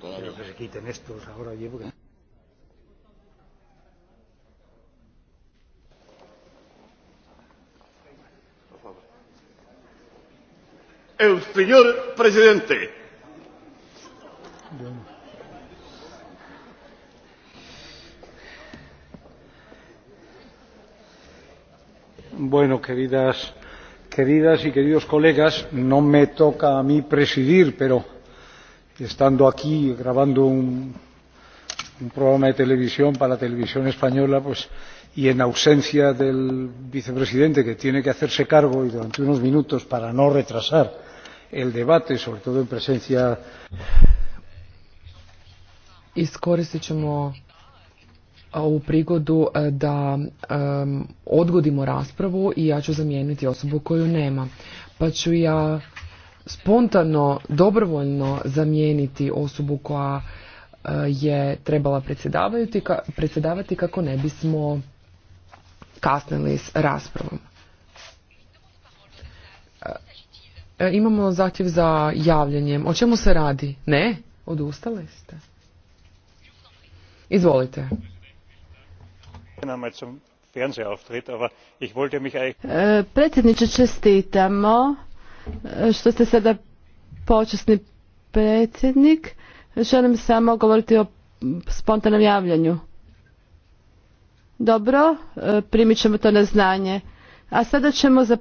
Quiero que se quiten estos ahora allí porque... El señor presidente. Bien. bueno, queridas, queridas y queridos colegas, no me toca a mí presidir, pero estando aquí grabando un, un programa de televisión para la televisión española y en ausencia del vicepresidente que tiene que hacerse cargo y durante unos minutos para no retrasar el debate sobre todo en presencia iskoristit ćemo ovu prigodu da odgodimo raspravu i ja ću zamijeniti osobu koju nema pa ću ja spontano, dobrovoljno zamijeniti osobu koja e, je trebala predsjedavati, predsjedavati kako ne bismo kasnili s raspravom. E, e, imamo zahtjev za javljanjem. O čemu se radi? Ne? Odustali ste? Izvolite. predsjedniče, čestitamo. E, što ste sada počasni predsjednik. Želim samo govoriti o spontanom javljanju. Dobro, e, primit ćemo to na znanje. A sada ćemo za